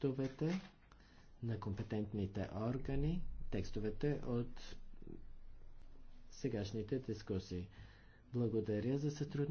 текстовете на компетентните органи, текстовете от сегашните дискусии. Благодаря за сътрудничеството.